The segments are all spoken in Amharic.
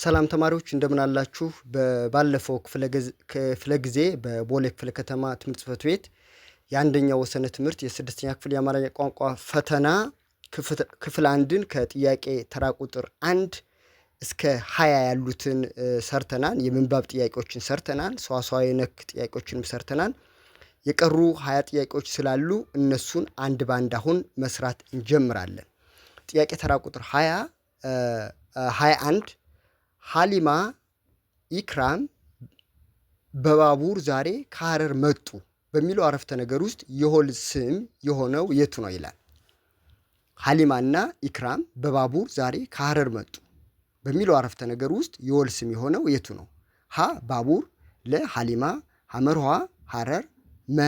ሰላም ተማሪዎች እንደምን አላችሁ? ባለፈው ክፍለ ጊዜ በቦሌ ክፍለ ከተማ ትምህርት ጽሕፈት ቤት የአንደኛ ወሰነ ትምህርት የስድስተኛ ክፍል የአማርኛ ቋንቋ ፈተና ክፍል አንድን ከጥያቄ ተራ ቁጥር አንድ እስከ ሀያ ያሉትን ሰርተናል። የምንባብ ጥያቄዎችን ሰርተናል። ሰዋሰዋዊ ነክ ጥያቄዎችንም ሰርተናል። የቀሩ ሀያ ጥያቄዎች ስላሉ እነሱን አንድ ባንድ አሁን መስራት እንጀምራለን። ጥያቄ ተራ ቁጥር ሀያ ሀያ አንድ ሀሊማ ኢክራም በባቡር ዛሬ ከሀረር መጡ በሚለው አረፍተ ነገር ውስጥ የሆል ስም የሆነው የቱ ነው ይላል። ሀሊማና ኢክራም በባቡር ዛሬ ከሀረር መጡ በሚለው አረፍተ ነገር ውስጥ የሆል ስም የሆነው የቱ ነው? ሀ ባቡር፣ ለሀሊማ ሐመርሃ ሀረር፣ መ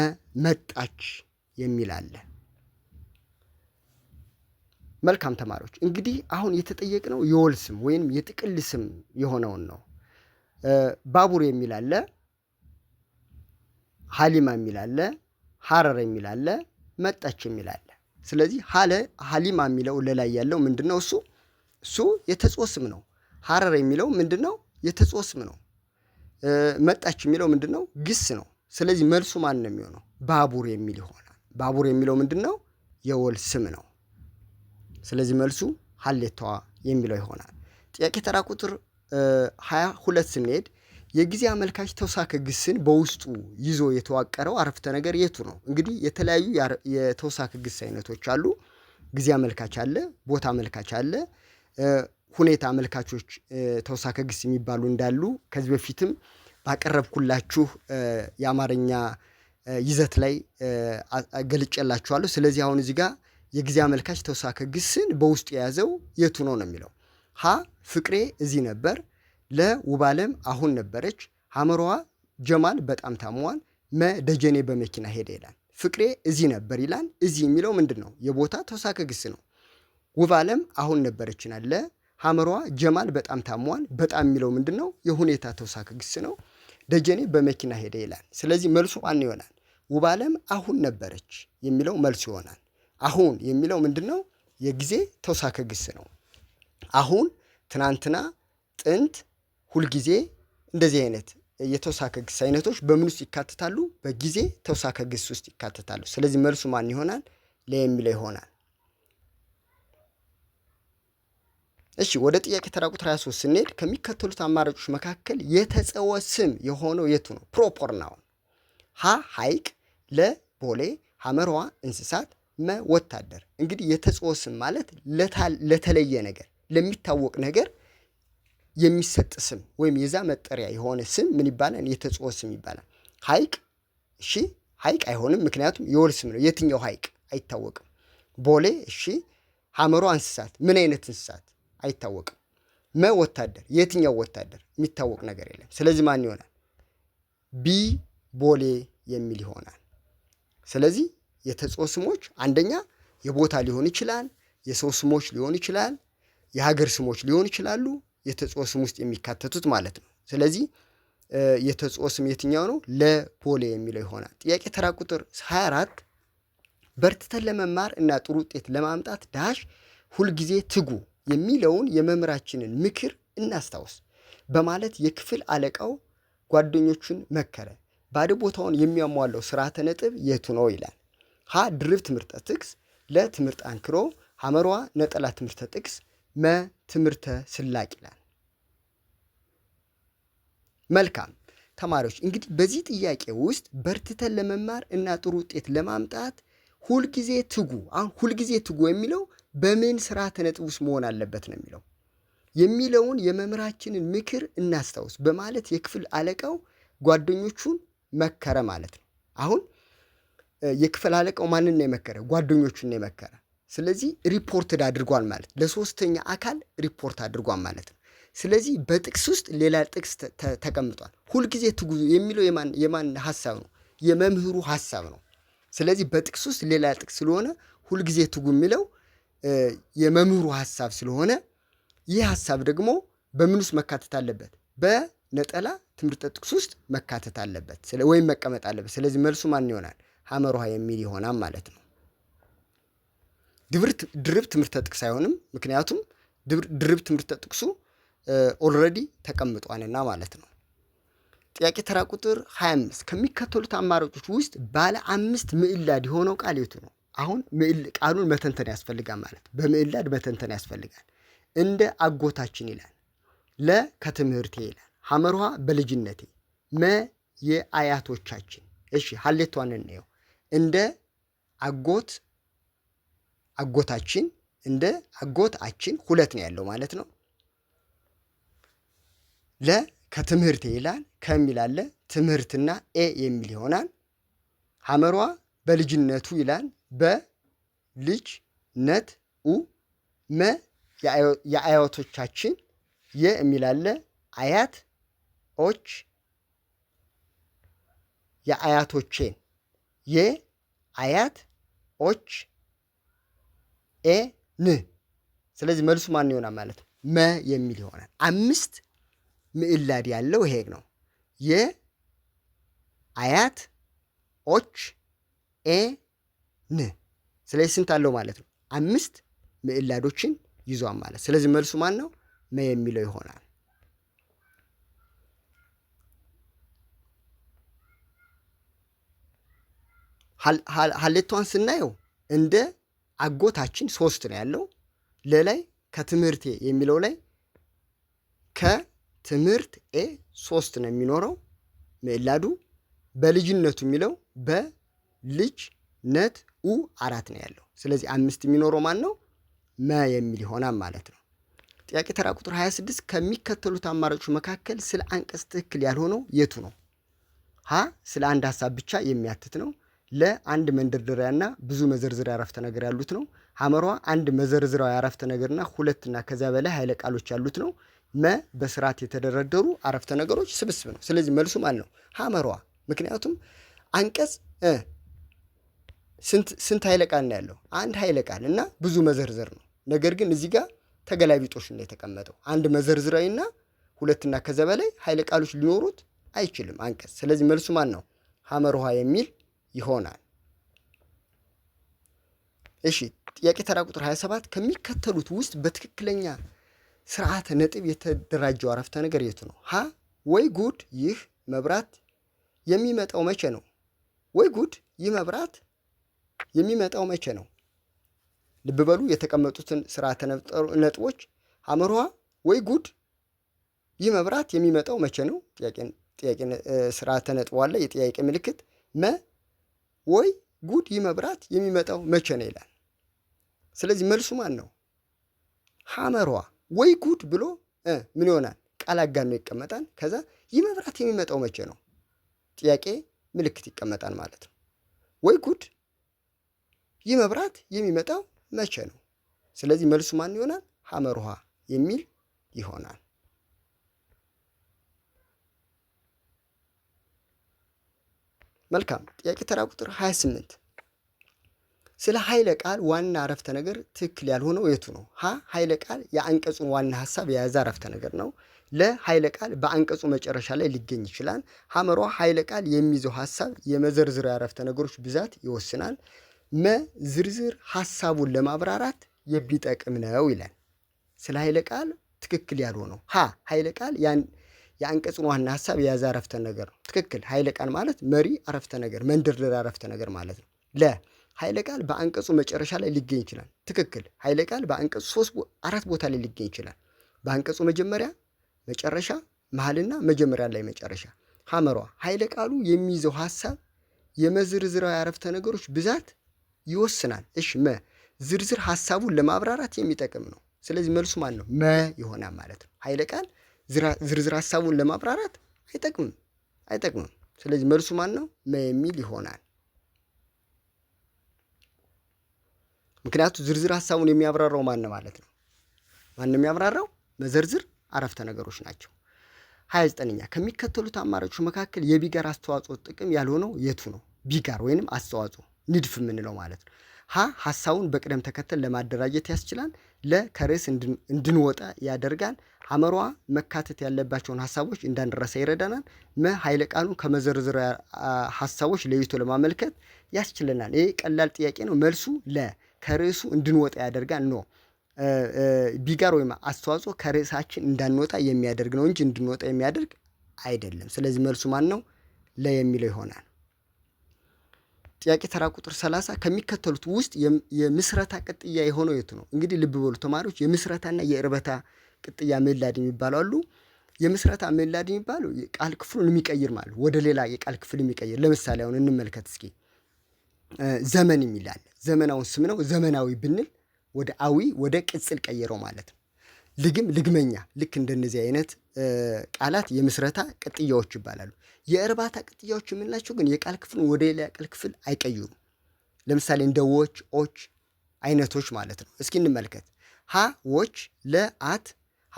መጣች የሚል አለ። መልካም ተማሪዎች እንግዲህ አሁን የተጠየቅነው የወል ስም ወይም የጥቅል ስም የሆነውን ነው። ባቡር የሚል አለ፣ ሀሊማ የሚል አለ፣ ሀረር የሚል አለ፣ መጣች የሚል አለ። ስለዚህ ሀለ ሀሊማ የሚለው ለላይ ያለው ምንድን ነው? እሱ እሱ የተጾ ስም ነው። ሀረር የሚለው ምንድን ነው? የተጾ ስም ነው። መጣች የሚለው ምንድን ነው? ግስ ነው። ስለዚህ መልሱ ማን ነው የሚሆነው? ባቡር የሚል ይሆናል። ባቡር የሚለው ምንድን ነው? የወል ስም ነው። ስለዚህ መልሱ ሀሌታዋ የሚለው ይሆናል። ጥያቄ ተራ ቁጥር ሀያ ሁለት ስንሄድ የጊዜ አመልካች ተውሳከ ግስን በውስጡ ይዞ የተዋቀረው አረፍተ ነገር የቱ ነው? እንግዲህ የተለያዩ የተውሳከ ግስ አይነቶች አሉ። ጊዜ አመልካች አለ፣ ቦታ አመልካች አለ፣ ሁኔታ አመልካቾች ተውሳከ ግስ የሚባሉ እንዳሉ ከዚህ በፊትም ባቀረብኩላችሁ የአማርኛ ይዘት ላይ ገልጨላችኋለሁ። ስለዚህ አሁን እዚህ ጋር የጊዜ አመልካች ተውሳከ ግስን በውስጡ የያዘው የቱ ነው ነው የሚለው ሀ ፍቅሬ እዚህ ነበር፣ ለውብ አለም አሁን ነበረች፣ ሐመሮዋ ጀማል በጣም ታሟል፣ መ ደጀኔ በመኪና ሄደ ይላል። ፍቅሬ እዚህ ነበር ይላል። እዚህ የሚለው ምንድን ነው? የቦታ ተውሳከ ግስ ነው። ውባለም አሁን ነበረች ይላል። ለ ሐመሮዋ ጀማል በጣም ታሟል። በጣም የሚለው ምንድን ነው? የሁኔታ ተውሳከ ግስ ነው። ደጀኔ በመኪና ሄደ ይላል። ስለዚህ መልሱ ማን ይሆናል? ውባለም አሁን ነበረች የሚለው መልሱ ይሆናል። አሁን የሚለው ምንድን ነው? የጊዜ ተውሳከ ግስ ነው። አሁን፣ ትናንትና፣ ጥንት፣ ሁልጊዜ እንደዚህ አይነት የተውሳከ ግስ አይነቶች በምን ውስጥ ይካተታሉ? በጊዜ ተውሳከ ግስ ውስጥ ይካተታሉ። ስለዚህ መልሱ ማን ይሆናል? ለ የሚለው ይሆናል። እሺ ወደ ጥያቄ ተራ ቁጥር 23 ስንሄድ ከሚከተሉት አማራጮች መካከል የተጸወ ስም የሆነው የቱ ነው? ፕሮፖር ናውን ሀ ሐይቅ፣ ለ ቦሌ፣ ሐመርዋ እንስሳት፣ መ ወታደር እንግዲህ የተጽኦ ስም ማለት ለተለየ ነገር ለሚታወቅ ነገር የሚሰጥ ስም ወይም የዛ መጠሪያ የሆነ ስም ምን ይባላል? የተጽኦ ስም ይባላል። ሐይቅ እሺ፣ ሐይቅ አይሆንም፣ ምክንያቱም የወል ስም ነው። የትኛው ሐይቅ አይታወቅም። ቦሌ እሺ፣ ሐመሮ እንስሳት፣ ምን አይነት እንስሳት አይታወቅም። መ ወታደር፣ የትኛው ወታደር የሚታወቅ ነገር የለም። ስለዚህ ማን ይሆናል? ቢ ቦሌ የሚል ይሆናል። ስለዚህ የተጾ ስሞች አንደኛ የቦታ ሊሆን ይችላል፣ የሰው ስሞች ሊሆን ይችላል፣ የሀገር ስሞች ሊሆን ይችላሉ። የተጾ ስም ውስጥ የሚካተቱት ማለት ነው። ስለዚህ የተጾ ስም የትኛው ነው? ለቦሌ የሚለው ይሆናል። ጥያቄ ተራ ቁጥር 24 በርትተን ለመማር እና ጥሩ ውጤት ለማምጣት ዳሽ ሁልጊዜ ትጉ የሚለውን የመምህራችንን ምክር እናስታውስ በማለት የክፍል አለቃው ጓደኞቹን መከረ። ባዶ ቦታውን የሚያሟላው ስርዓተ ነጥብ የቱ ነው ይላል። ሀ ድርብ ትምህርተ ጥቅስ ለ ትምህርት አንክሮ ሐመሯ ነጠላ ትምህርተ ጥቅስ መ ትምህርተ ስላቅ ይላል። መልካም ተማሪዎች እንግዲህ በዚህ ጥያቄ ውስጥ በርትተን ለመማር እና ጥሩ ውጤት ለማምጣት ሁልጊዜ ትጉ። አሁን ሁልጊዜ ትጉ የሚለው በምን ስርዓተ ነጥብ ውስጥ መሆን አለበት ነው የሚለው የሚለውን የመምህራችንን ምክር እናስታውስ በማለት የክፍል አለቃው ጓደኞቹን መከረ ማለት ነው አሁን የክፍል አለቃው ማንን ነው የመከረ? ጓደኞቹን ነው የመከረ። ስለዚህ ሪፖርትድ አድርጓል ማለት ለሶስተኛ አካል ሪፖርት አድርጓል ማለት ነው። ስለዚህ በጥቅስ ውስጥ ሌላ ጥቅስ ተቀምጧል። ሁልጊዜ ትጉዙ የሚለው የማን ሀሳብ ነው? የመምህሩ ሀሳብ ነው። ስለዚህ በጥቅስ ውስጥ ሌላ ጥቅስ ስለሆነ ሁልጊዜ ትጉ የሚለው የመምህሩ ሀሳብ ስለሆነ ይህ ሀሳብ ደግሞ በምን ውስጥ መካተት አለበት? በነጠላ ትምህርተ ጥቅስ ውስጥ መካተት አለበት ወይም መቀመጥ አለበት። ስለዚህ መልሱ ማን ይሆናል? ሀመር ውሃ የሚል ይሆናል ማለት ነው። ድርብ ትምህርተ ጥቅስ አይሆንም። ምክንያቱም ድርብ ትምህርተ ጥቅሱ ኦልሬዲ ተቀምጧልና ማለት ነው። ጥያቄ ተራ ቁጥር 25 ከሚከተሉት አማራጮች ውስጥ ባለ አምስት ምዕላድ የሆነው ቃል የቱ ነው? አሁን ቃሉን መተንተን ያስፈልጋል ማለት በምዕላድ መተንተን ያስፈልጋል። እንደ አጎታችን ይላል፣ ለ ከትምህርቴ ይላል፣ ውሃ በልጅነቴ፣ መ የአያቶቻችን። እሺ ሀሌቷን እንየው። እንደ አጎት አጎታችን እንደ አጎታችን ሁለት ነው ያለው ማለት ነው። ለ ከትምህርት ይላል ከሚል ትምህርትና ኤ የሚል ይሆናል። ሐመሯ በልጅነቱ ይላል በልጅነት ኡ መ የአያቶቻችን የ የሚል አለ አያት ኦች የአያቶቼን የ አያት ኦች ኤ ን። ስለዚህ መልሱ ማን ይሆናል ማለት ነው? መ የሚል ይሆናል። አምስት ምዕላድ ያለው ይሄ ነው። የአያት ኦች ኤ ን። ስለዚህ ስንት አለው ማለት ነው? አምስት ምዕላዶችን ይዟል ማለት። ስለዚህ መልሱ ማን ነው? መ የሚለው ይሆናል። ሀሌቷን ስናየው እንደ አጎታችን ሶስት ነው ያለው። ለላይ ከትምህርቴ የሚለው ላይ ከትምህርት ኤ ሶስት ነው የሚኖረው ምዕላዱ። በልጅነቱ የሚለው በልጅነት ኡ አራት ነው ያለው። ስለዚህ አምስት የሚኖረው ማን ነው? መ የሚል ይሆናል ማለት ነው። ጥያቄ ተራ ቁጥር 26 ከሚከተሉት አማራጮች መካከል ስለ አንቀጽ ትክክል ያልሆነው የቱ ነው? ሀ ስለ አንድ ሀሳብ ብቻ የሚያትት ነው። ለአንድ መንደርደሪያና ብዙ መዘርዝሪያ አረፍተ ነገር ያሉት ነው። ሐመሯ አንድ መዘርዝሪያዊ አረፍተ ነገርና ሁለትና ከዚያ በላይ ኃይለ ቃሎች ያሉት ነው። መ በስርዓት የተደረደሩ አረፍተ ነገሮች ስብስብ ነው። ስለዚህ መልሱ ማለት ነው ሐመሯ። ምክንያቱም አንቀጽ ስንት ኃይለ ቃል ነው ያለው? አንድ ኃይለ ቃል እና ብዙ መዘርዘር ነው። ነገር ግን እዚህ ጋር ተገላቢጦሽ ነው የተቀመጠው። አንድ መዘርዝራዊና ሁለትና ከዚያ በላይ ኃይለ ቃሎች ሊኖሩት አይችልም አንቀጽ። ስለዚህ መልሱ ማን ነው? ሐመር ውሃ የሚል ይሆናል። እሺ ጥያቄ ተራ ቁጥር 27 ከሚከተሉት ውስጥ በትክክለኛ ስርዓተ ነጥብ የተደራጀው አረፍተ ነገር የቱ ነው? ሀ ወይ ጉድ ይህ መብራት የሚመጣው መቼ ነው? ወይ ጉድ ይህ መብራት የሚመጣው መቼ ነው? ልብ በሉ የተቀመጡትን ስርዓተ ነጥቦች አምርሃ ወይ ጉድ ይህ መብራት የሚመጣው መቼ ነው? ጥያቄ ስርዓተ ነጥቦ አለ። የጥያቄ ምልክት መ ወይ ጉድ ይህ መብራት የሚመጣው መቼ ነው ይላል። ስለዚህ መልሱ ማን ነው? ሐመሯ ወይ ጉድ ብሎ ምን ይሆናል? ቃል ነው ይቀመጣል። ከዛ ይህ መብራት የሚመጣው መቼ ነው? ጥያቄ ምልክት ይቀመጣል ማለት ነው። ወይ ጉድ ይህ መብራት የሚመጣው መቼ ነው? ስለዚህ መልሱ ማን ይሆናል? ሐመር ውሃ የሚል ይሆናል። መልካም። ጥያቄ ተራ ቁጥር 28 ስለ ኃይለ ቃል ዋና አረፍተ ነገር ትክክል ያልሆነው የቱ ነው? ሀ ኃይለ ቃል የአንቀጹን ዋና ሀሳብ የያዘ አረፍተ ነገር ነው። ለ ኃይለ ቃል በአንቀጹ መጨረሻ ላይ ሊገኝ ይችላል። ሐመሯ ኃይለ ቃል የሚይዘው ሀሳብ የመዘርዝር አረፍተ ነገሮች ብዛት ይወስናል። መ ዝርዝር ሀሳቡን ለማብራራት የሚጠቅም ነው ይላል። ስለ ኃይለ ቃል ትክክል ያልሆነው ሀ ኃይለ ቃል የአንቀጹን ዋና ሀሳብ የያዘ አረፍተ ነገር ነው። ትክክል። ኃይለ ቃል ማለት መሪ አረፍተ ነገር፣ መንደርደር አረፍተ ነገር ማለት ነው። ለ ኃይለ ቃል በአንቀጹ መጨረሻ ላይ ሊገኝ ይችላል። ትክክል። ኃይለ ቃል በአንቀጹ ሶስት አራት ቦታ ላይ ሊገኝ ይችላል። በአንቀጹ መጀመሪያ፣ መጨረሻ፣ መሀልና መጀመሪያ ላይ መጨረሻ። ሀመሯ ኃይለ ቃሉ የሚይዘው ሀሳብ የመዝርዝራዊ አረፍተ ነገሮች ብዛት ይወስናል። እሺ መ ዝርዝር ሀሳቡን ለማብራራት የሚጠቅም ነው። ስለዚህ መልሱ ማን ነው? መ ይሆናል ማለት ነው። ኃይለ ቃል ዝርዝር ሀሳቡን ለማብራራት አይጠቅምም አይጠቅምም። ስለዚህ መልሱ ማን ነው? መ የሚል ይሆናል። ምክንያቱ ዝርዝር ሀሳቡን የሚያብራራው ማን ማለት ነው? ማን የሚያብራራው? መዘርዝር አረፍተ ነገሮች ናቸው። ሀያ ዘጠነኛ ከሚከተሉት አማራጮች መካከል የቢጋር አስተዋጽኦ ጥቅም ያልሆነው የቱ ነው? ቢጋር ወይንም አስተዋጽኦ ንድፍ የምንለው ማለት ነው። ሀ ሀሳቡን በቅደም ተከተል ለማደራጀት ያስችላል። ለ ከርዕስ እንድንወጣ ያደርጋል። ሐመሯ መካተት ያለባቸውን ሀሳቦች እንዳንረሳ ይረዳናል። መ ኃይለ ቃሉን ከመዘርዝር ሀሳቦች ለይቶ ለማመልከት ያስችለናል። ይህ ቀላል ጥያቄ ነው። መልሱ ለ ከርዕሱ እንድንወጣ ያደርጋል ነው። ቢጋር ወይም አስተዋጽኦ ከርዕሳችን እንዳንወጣ የሚያደርግ ነው እንጂ እንድንወጣ የሚያደርግ አይደለም። ስለዚህ መልሱ ማን ነው? ለ የሚለው ይሆናል። ጥያቄ ተራ ቁጥር 30 ከሚከተሉት ውስጥ የምስረታ ቅጥያ የሆነው የቱ ነው? እንግዲህ ልብ በሉ ተማሪዎች የምስረታና የእርበታ ቅጥያ ምላድ የሚባሉ አሉ። የምስረታ ሜላድ የሚባለው ቃል ክፍሉን የሚቀይር ማለት ወደ ሌላ የቃል ክፍል የሚቀይር ለምሳሌ አሁን እንመልከት እስኪ ዘመን የሚላል ዘመናውን ስም ነው። ዘመናዊ ብንል ወደ አዊ ወደ ቅጽል ቀይረው ማለት ነው። ልግም፣ ልግመኛ ልክ እንደነዚህ አይነት ቃላት የምስረታ ቅጥያዎች ይባላሉ። የእርባታ ቅጥያዎች የምንላቸው ግን የቃል ክፍል ወደ ሌላ ቃል ክፍል አይቀይሩም። ለምሳሌ እንደ ዎች፣ ኦች አይነቶች ማለት ነው። እስኪ እንመልከት። ሀ ዎች ለአት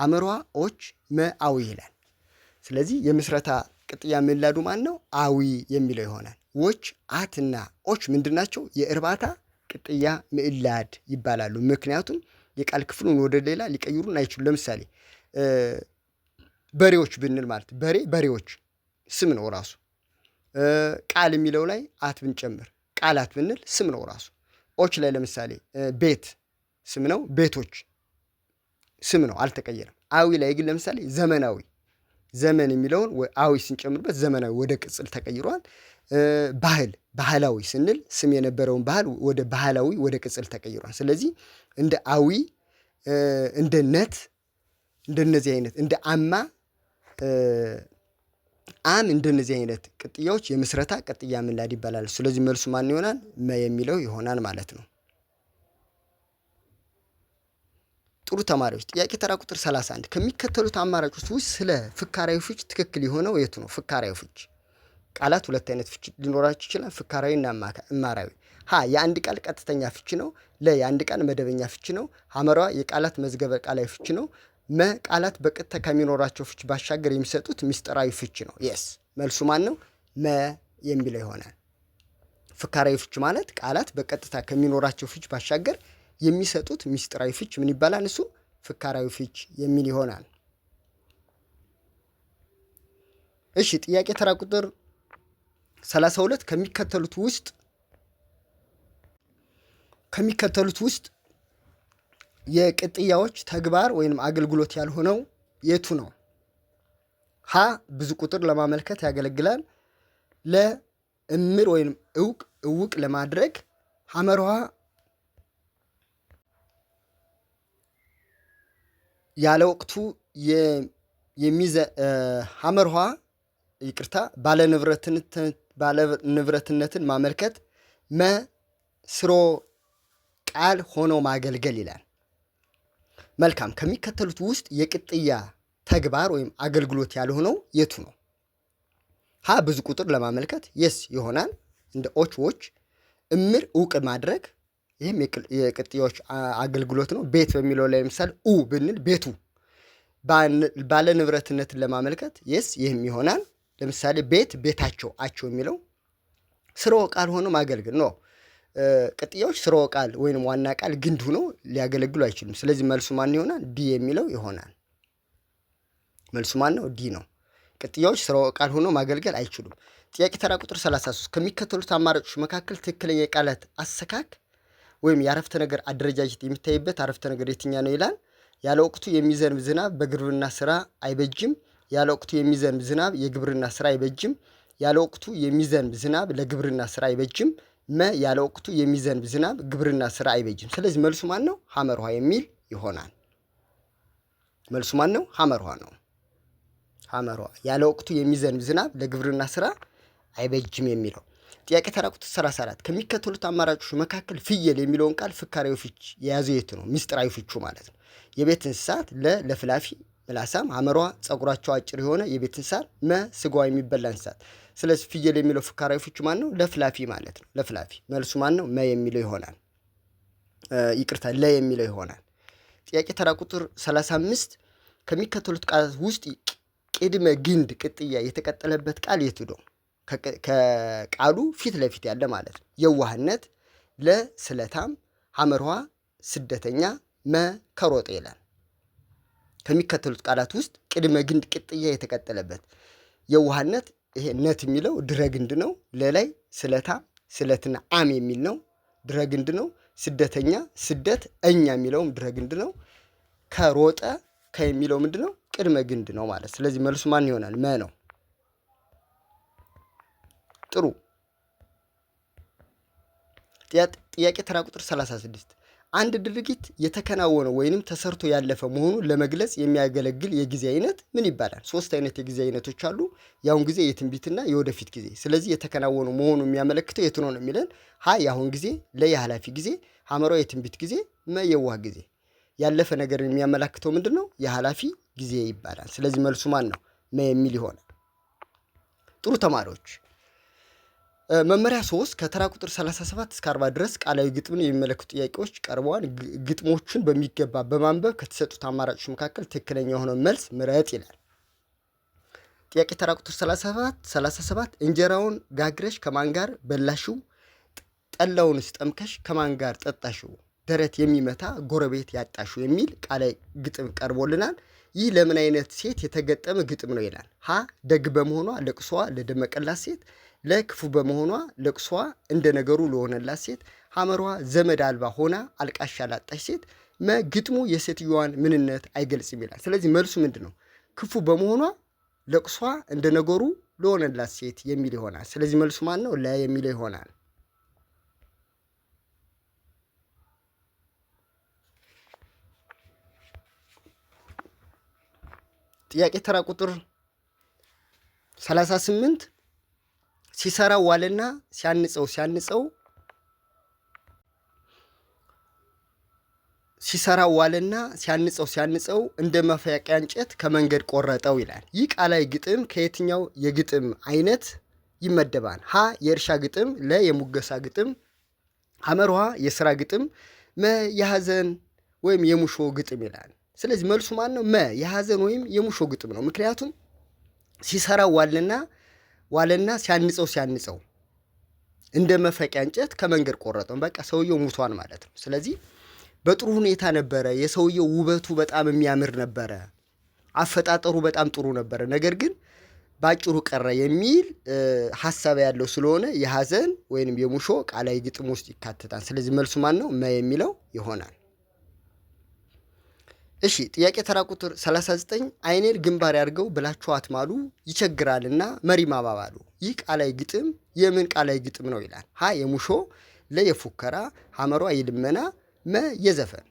ሐመሯ ኦች መአዊ ይላል። ስለዚህ የምስረታ ቅጥያ የምንላዱ ማን ነው? አዊ የሚለው ይሆናል። ዎች አትና ኦች ምንድናቸው? የእርባታ ቅጥያ ምዕላድ ይባላሉ። ምክንያቱም የቃል ክፍሉን ወደ ሌላ ሊቀይሩን አይችሉም። ለምሳሌ በሬዎች ብንል ማለት በሬ በሬዎች ስም ነው ራሱ። ቃል የሚለው ላይ አት ብንጨምር ቃላት ብንል ስም ነው ራሱ። ኦች ላይ ለምሳሌ ቤት ስም ነው። ቤቶች ስም ነው፣ አልተቀየረም። አዊ ላይ ግን ለምሳሌ ዘመናዊ ዘመን የሚለውን አዊ ስንጨምርበት ዘመናዊ ወደ ቅጽል ተቀይሯል። ባህል ባህላዊ ስንል ስም የነበረውን ባህል ወደ ባህላዊ ወደ ቅጽል ተቀይሯል። ስለዚህ እንደ አዊ እንደ ነት እንደነዚህ አይነት እንደ አማ አም እንደነዚህ አይነት ቅጥያዎች የምስረታ ቅጥያ ምንላድ ይባላል። ስለዚህ መልሱ ማን ይሆናል? መ የሚለው ይሆናል ማለት ነው። ጥሩ ተማሪዎች፣ ጥያቄ ተራ ቁጥር 31 ከሚከተሉት አማራጮች ውስጥ ስለ ፍካራዊ ፍች ትክክል የሆነው የቱ ነው? ፍካራዊ ፍች ቃላት ሁለት አይነት ፍች ሊኖራቸው ይችላል፣ ፍካራዊና እማራዊ። ሀ የአንድ ቃል ቀጥተኛ ፍች ነው። ለ የአንድ ቃል መደበኛ ፍች ነው። ሐመሯ የቃላት መዝገበ ቃላዊ ፍች ነው። መ ቃላት በቀጥታ ከሚኖራቸው ፍች ባሻገር የሚሰጡት ምስጢራዊ ፍች ነው። የስ መልሱ ማን ነው? መ የሚለው ይሆናል። ፍካራዊ ፍች ማለት ቃላት በቀጥታ ከሚኖራቸው ፍች ባሻገር የሚሰጡት ምስጢራዊ ፍች ምን ይባላል? እሱ ፍካራዊ ፍች የሚል ይሆናል። እሺ ጥያቄ ተራ ቁጥር ሰላሳ ሁለት ከሚከተሉት ውስጥ ከሚከተሉት ውስጥ የቅጥያዎች ተግባር ወይም አገልግሎት ያልሆነው የቱ ነው? ሀ ብዙ ቁጥር ለማመልከት ያገለግላል። ለ እምር ወይም እውቅ እውቅ ለማድረግ ሐመርሃ ያለ ወቅቱ ሐመርሃ ይቅርታ ባለ ንብረትን ባለ ንብረትነትን ማመልከት መ ስሮ ቃል ሆኖ ማገልገል ይላል። መልካም ከሚከተሉት ውስጥ የቅጥያ ተግባር ወይም አገልግሎት ያልሆነው የቱ ነው? ሀ ብዙ ቁጥር ለማመልከት የስ ይሆናል። እንደ ኦች ዎች፣ እምር እውቅ ማድረግ ይህም የቅጥያዎች አገልግሎት ነው። ቤት በሚለው ላይ ምሳሌ ኡ ብንል ቤቱ ባለ ንብረትነትን ለማመልከት የስ ይህም ይሆናል። ለምሳሌ ቤት ቤታቸው አቸው የሚለው ስርወ ቃል ሆኖ ማገልግል ነው። ቅጥያዎች ስርወ ቃል ወይም ዋና ቃል ግንድ ሆኖ ሊያገለግሉ አይችሉም። ስለዚህ መልሱ ማን ይሆናል? ዲ የሚለው ይሆናል። መልሱ ማን ነው? ዲ ነው። ቅጥያዎች ስርወ ቃል ሆኖ ማገልገል አይችሉም። ጥያቄ ተራ ቁጥር 33 ከሚከተሉት አማራጮች መካከል ትክክለኛ የቃላት አሰካክ ወይም የአረፍተ ነገር አደረጃጀት የሚታይበት አረፍተ ነገር የትኛ ነው ይላል። ያለ ወቅቱ የሚዘንብ ዝናብ በግብርና ስራ አይበጅም። ያለ ወቅቱ የሚዘንብ ዝናብ የግብርና ስራ አይበጅም። ያለ ወቅቱ የሚዘንብ ዝናብ ለግብርና ስራ አይበጅም። መ ያለ ወቅቱ የሚዘንብ ዝናብ ግብርና ስራ አይበጅም። ስለዚህ መልሱ ማን ነው? ሐመር ውሃ የሚል ይሆናል። መልሱ ማን ነው? ሐመር ውሃ ነው። ሐመር ውሃ ያለ ወቅቱ የሚዘንብ ዝናብ ለግብርና ስራ አይበጅም የሚለው ጥያቄ ተራ ቁጥር 34 ከሚከተሉት አማራጮች መካከል ፍየል የሚለውን ቃል ፍካሬው ፍች የያዘ የት ነው? ምስጢራዊ ፍቹ ማለት ነው። የቤት እንስሳት ለ ለፍላፊ ምላሳም፣ አመሯ ጸጉራቸው አጭር የሆነ የቤት እንስሳ፣ መ ስጋዋ የሚበላ እንስሳት። ስለዚህ ፍየል የሚለው ፍካራዊ ፍቹ ማን ነው? ለፍላፊ ማለት ነው። ለፍላፊ መልሱ ማን ነው? መ የሚለው ይሆናል። ይቅርታ፣ ለ የሚለው ይሆናል። ጥያቄ ተራ ቁጥር 35 ከሚከተሉት ቃላት ውስጥ ቅድመ ግንድ ቅጥያ የተቀጠለበት ቃል የት ነው? ከቃሉ ፊት ለፊት ያለ ማለት ነው። የዋህነት፣ ለስለታም፣ ሐመርኋ ስደተኛ፣ መ ከሮጤ ይላል። ከሚከተሉት ቃላት ውስጥ ቅድመ ግንድ ቅጥያ የተቀጠለበት የውሃነት ይሄ ነት የሚለው ድረግንድ ነው። ለላይ ስለታ ስለትና አም የሚል ነው፣ ድረግንድ ነው። ስደተኛ ስደት እኛ የሚለውም ድረግንድ ነው። ከሮጠ ከሚለው ምንድ ነው? ቅድመ ግንድ ነው ማለት። ስለዚህ መልሱ ማን ይሆናል? መ ነው። ጥሩ ጥያቄ ተራ ቁጥር 36 አንድ ድርጊት የተከናወነ ወይንም ተሰርቶ ያለፈ መሆኑን ለመግለጽ የሚያገለግል የጊዜ አይነት ምን ይባላል? ሶስት አይነት የጊዜ አይነቶች አሉ። የአሁን ጊዜ፣ የትንቢትና የወደፊት ጊዜ። ስለዚህ የተከናወኑ መሆኑ የሚያመለክተው የትኖ ነው የሚለን ሀ የአሁን ጊዜ፣ ለ የኃላፊ ጊዜ፣ ሐመሯ የትንቢት ጊዜ፣ መ የዋህ ጊዜ። ያለፈ ነገር የሚያመላክተው ምንድን ነው? የኃላፊ ጊዜ ይባላል። ስለዚህ መልሱ ማን ነው? መ የሚል ይሆናል። ጥሩ ተማሪዎች መመሪያ ሶስት ከተራ ቁጥር 37 እስከ 40 ድረስ ቃላዊ ግጥምን የሚመለከቱ ጥያቄዎች ቀርበዋል። ግጥሞቹን በሚገባ በማንበብ ከተሰጡት አማራጮች መካከል ትክክለኛ የሆነው መልስ ምረጥ ይላል። ጥያቄ ተራ ቁጥር 37 37 እንጀራውን ጋግረሽ ከማን ጋር በላሽው? ጠላውን ስጠምከሽ ከማን ጋር ጠጣሽው? ደረት የሚመታ ጎረቤት ያጣሽው የሚል ቃላዊ ግጥም ቀርቦልናል። ይህ ለምን አይነት ሴት የተገጠመ ግጥም ነው ይላል። ሀ ደግ በመሆኗ ለቅሷ ለደመቀላት ሴት ለክፉ በመሆኗ ለቅሷ እንደ ነገሩ ለሆነላት ሴት ሐመሯ ዘመድ አልባ ሆና አልቃሻ ላጣች ሴት መግጥሙ የሴትዮዋን ምንነት አይገልጽም ይላል። ስለዚህ መልሱ ምንድን ነው? ክፉ በመሆኗ ለቅሷ እንደ ነገሩ ለሆነላት ሴት የሚል ይሆናል። ስለዚህ መልሱ ማን ነው? ለ የሚለው ይሆናል። ጥያቄ ተራ ቁጥር 38 ሲሰራው ዋለና ሲያንጸው ሲያንጸው ሲሰራው ዋለና ሲያንጸው ሲያንጸው እንደ መፈያቂያ እንጨት ከመንገድ ቆረጠው ይላል። ይህ ቃላዊ ግጥም ከየትኛው የግጥም አይነት ይመደባል? ሀ የእርሻ ግጥም፣ ለ የሙገሳ ግጥም፣ አመርሃ የስራ ግጥም፣ መ የሀዘን ወይም የሙሾ ግጥም ይላል። ስለዚህ መልሱ ማን ነው? መ የሀዘን ወይም የሙሾ ግጥም ነው። ምክንያቱም ሲሰራው ዋልና ዋለና ሲያንጸው ሲያንጸው እንደ መፈቂያ እንጨት ከመንገድ ቆረጠው። በቃ ሰውየው ሙቷን ማለት ነው። ስለዚህ በጥሩ ሁኔታ ነበረ። የሰውየው ውበቱ በጣም የሚያምር ነበረ። አፈጣጠሩ በጣም ጥሩ ነበረ። ነገር ግን ባጭሩ ቀረ የሚል ሀሳብ ያለው ስለሆነ የሀዘን ወይንም የሙሾ ቃላዊ ግጥም ውስጥ ይካተታል። ስለዚህ መልሱ ማን ነው? መ የሚለው ይሆናል። እሺ ጥያቄ ተራ ቁጥር 39 አይኔን ግንባር ያድርገው ብላችሁ አትማሉ ይቸግራልና መሪ ማባባሉ። ይህ ቃላዊ ግጥም የምን ቃላዊ ግጥም ነው ይላል። ሀ የሙሾ፣ ለ የፉከራ፣ ሐመሯ የልመና፣ መ የዘፈን።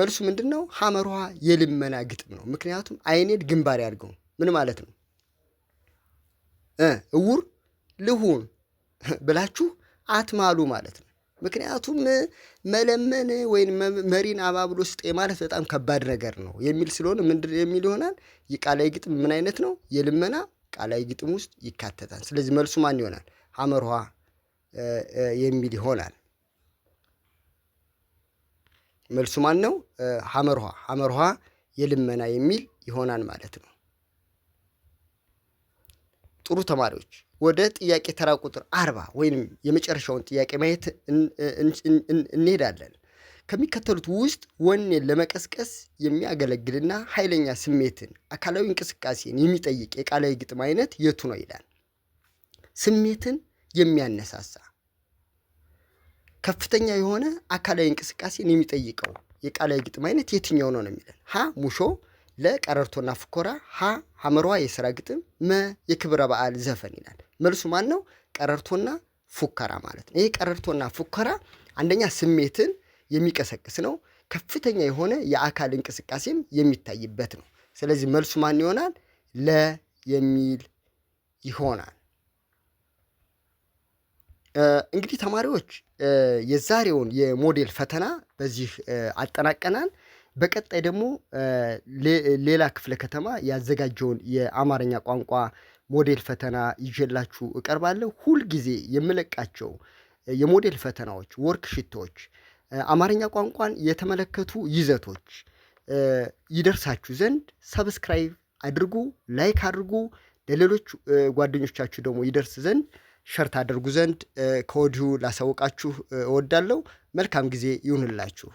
መልሱ ምንድን ነው? ሐመሯ የልመና ግጥም ነው። ምክንያቱም አይኔን ግንባር ያድርገው ምን ማለት ነው? እውር ልሁን ብላችሁ አትማሉ ማለት ነው። ምክንያቱም መለመን ወይም መሪን አባብሎ ውስጥ ማለት በጣም ከባድ ነገር ነው የሚል ስለሆነ ምንድን የሚል ይሆናል። የቃላዊ ግጥም ምን አይነት ነው? የልመና ቃላዊ ግጥም ውስጥ ይካተታል። ስለዚህ መልሱ ማን ይሆናል? ሐመርኋ የሚል ይሆናል። መልሱ ማን ነው? ሐመርኋ ሀመርሃ የልመና የሚል ይሆናል ማለት ነው። ጥሩ ተማሪዎች ወደ ጥያቄ ተራ ቁጥር አርባ ወይንም የመጨረሻውን ጥያቄ ማየት እንሄዳለን። ከሚከተሉት ውስጥ ወኔን ለመቀስቀስ የሚያገለግልና ኃይለኛ ስሜትን፣ አካላዊ እንቅስቃሴን የሚጠይቅ የቃላዊ ግጥም አይነት የቱ ነው ይላል። ስሜትን የሚያነሳሳ ከፍተኛ የሆነ አካላዊ እንቅስቃሴን የሚጠይቀው የቃላዊ ግጥም አይነት የትኛው ነው ነው የሚለን ሀ ሙሾ ለቀረርቶና ፉከራ ሀ ሐመሯ የስራ ግጥም መ የክብረ በዓል ዘፈን ይላል። መልሱ ማን ነው? ቀረርቶና ፉከራ ማለት ነው። ይህ ቀረርቶና ፉከራ አንደኛ ስሜትን የሚቀሰቅስ ነው። ከፍተኛ የሆነ የአካል እንቅስቃሴም የሚታይበት ነው። ስለዚህ መልሱ ማን ይሆናል? ለ የሚል ይሆናል። እንግዲህ ተማሪዎች የዛሬውን የሞዴል ፈተና በዚህ አጠናቀናል። በቀጣይ ደግሞ ሌላ ክፍለ ከተማ ያዘጋጀውን የአማርኛ ቋንቋ ሞዴል ፈተና ይዤላችሁ እቀርባለሁ። ሁልጊዜ ጊዜ የምለቃቸው የሞዴል ፈተናዎች፣ ወርክሺቶች፣ አማርኛ ቋንቋን የተመለከቱ ይዘቶች ይደርሳችሁ ዘንድ ሰብስክራይብ አድርጉ፣ ላይክ አድርጉ። ለሌሎች ጓደኞቻችሁ ደግሞ ይደርስ ዘንድ ሸርት አድርጉ ዘንድ ከወዲሁ ላሳውቃችሁ እወዳለሁ። መልካም ጊዜ ይሁንላችሁ።